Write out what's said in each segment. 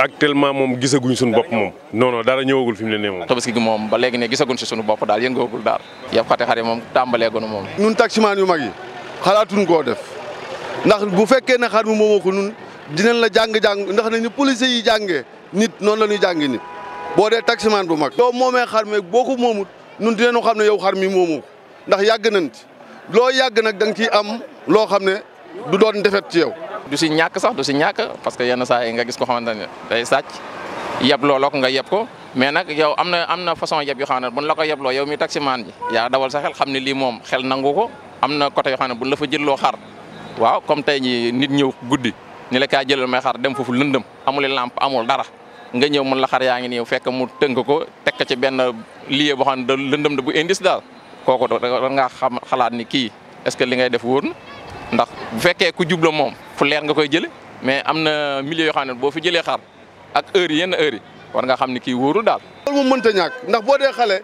actuellement moom gisaguñ suñu bopp moom non non dara ñëwagul fi mu ne nii moom tabaski gi moom ba léegi ne gisaguñ si suñu bopp daal yëngoogul daal yëpp xate xare moom tàmbaleegunu moom ñun taximaan yu mag yi xalaatuñ koo def ndax bu fekkee ne xar mi moomoo ko nun dinañ la jàng-jàng ndax nañu police yi jàngee nit noonu la ñuy jàngi nit boo dee taximaan bu mag yow moomee xar mi boo ko moomut nun dinañu xam ne yow xar mi moomoo ndax yàgg nañ ci loo yàgg nag da nga ciy am loo xam ne du doon defet ci yow du si ñàkk sax du si ñàkk parce que yenn saa yi nga gis ko xamante ne day sàcc yeb looloo nga yeb ko mais nag yow am na am na façon yeb yoo xam ne buñ la ko yebloo yow mi taximaan ji yaa dawal sa xel xam ne lii moom xel nangu ko am na côté yoo xam ne buñ la fa jëlloo xar waaw comme tey ñi nit ñëw guddi ni la kaa jëlal may xar dem foofu lëndëm amul lampe amul dara nga ñëw mun la xar yaa ngi nii fekk mu tënk ko tekk ci benn lieu boo xam ne da lëndëm da bu indice daal kooku da ngaa xam xalaat ni kii est que li ngay def wóor ndax bu fekkee moom fu leer nga koy jële mais am na milieu yoo xam ne boo fi jëlee xar ak heure yi yenn heure yi war nga xam ne kii wóorul daal. loolu moom mënta ñàkk ndax boo dee xale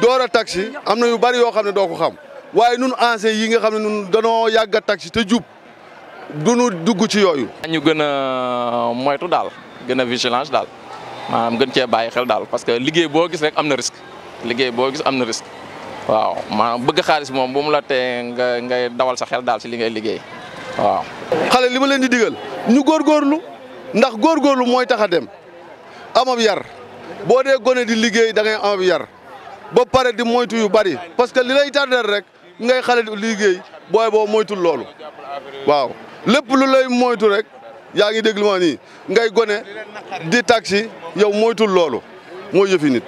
door a taxi am na yu bari yoo xam ne doo ko xam waaye nun ancien yi nga xam ne nun danoo yàgg a taxi te jub du nu dugg ci yooyu. ñu gën a moytu daal gën a vigilance daal maanaam gën cee bàyyi xel daal parce que liggéey boo gis rek am na risque liggéey boo gis am na risque waaw maanaam bëgg xaalis moom bu mu la tee nga ngay dawal sa xel daal si li ngay liggéey. waaw. xale li ma leen di digal ñu góorgóorlu ndax góorgóorlu mooy tax a dem amab yar boo dee gone di liggéey da ngay amab yar ba pare di moytu yu bari parce que li lay tardeel rek ngay xale di liggéey booy boo moytul loolu waaw lépp lu lay moytu rek yaa ngi déglu ma nii ngay gone di taxi yow moytul loolu mooy yëfi nit.